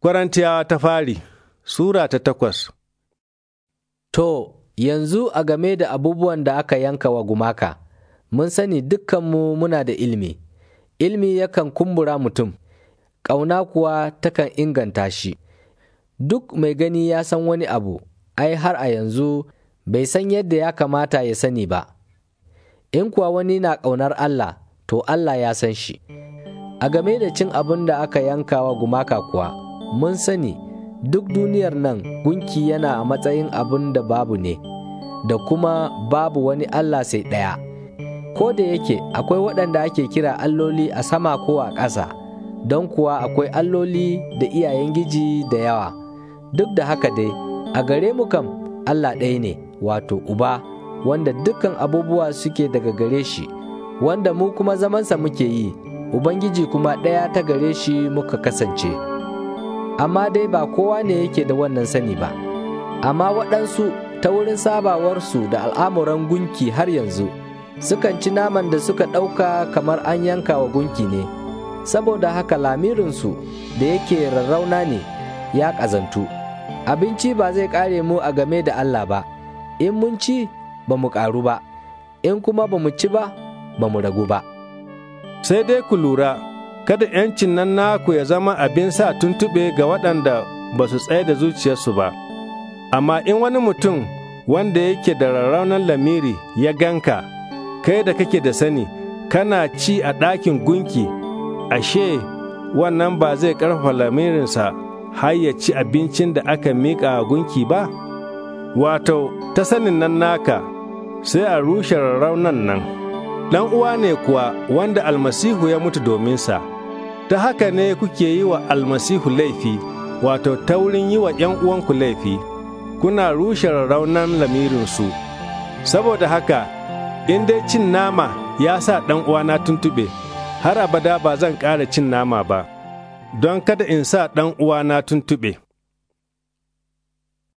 Korintiyawa ta fari Sura ta takwas To, yanzu a game da abubuwan da aka yanka wa gumaka, mun sani dukkanmu muna da ilmi, ilmi yakan kumbura mutum, ƙauna kuwa takan inganta shi. Duk mai gani ya san wani abu, ai har a yanzu bai san yadda ya kamata ya sani ba. In kuwa wani na ƙaunar Allah, to Allah ya san shi. A game da cin abin da aka yanka wa gumaka kuwa. mun sani duk duniyar nan gunki yana a matsayin abin da babu ne da kuma babu wani Allah sai ɗaya ko da yake akwai waɗanda ake kira alloli a sama ko a ƙasa don kuwa akwai alloli da iyayen giji da yawa duk da haka dai a gare mu kam Allah ɗaya ne wato uba wanda dukkan abubuwa suke daga gare shi wanda mu kuma zamansa muke yi Ubangiji kuma ɗaya ta gare shi muka kasance. amma dai ba kowa ne yake da wannan sani ba amma waɗansu ta wurin sabawarsu da al'amuran gunki har yanzu sukan ci naman da suka ɗauka kamar an yanka wa gunki ne saboda haka lamirinsu da yake rarrauna ne ya ƙazantu abinci ba zai ƙare mu a game da Allah ba in mun ci ba mu ƙaru ba in kuma ba mu ci ba ba mu ragu ba sai dai ku lura kada ‘yancin nan naku ya zama abin sa tuntuɓe ga waɗanda ba su tsaye da zuciyarsu ba. Amma in wani mutum wanda yake da rarraunar lamiri ya ganka, kai da kake da sani, kana ci a ɗakin gunki, ashe wannan ba zai ƙarfafa lamirinsa har ya ci abincin da aka miƙa a gunki ba? Wato, ta sanin nan naka, sai a rushe rarraunan nan. Ɗan uwa ne kuwa wanda almasihu ya mutu dominsa. sa. ta haka ne kuke yi wa almasihu laifi wato ta wurin yi wa ‘yan uwanku laifi kuna rushe raunan lamirinsu saboda haka in dai cin nama ya sa ɗan uwana tuntuɓe har abada ba zan ƙara cin nama ba don kada in sa ɗan uwana tuntuɓe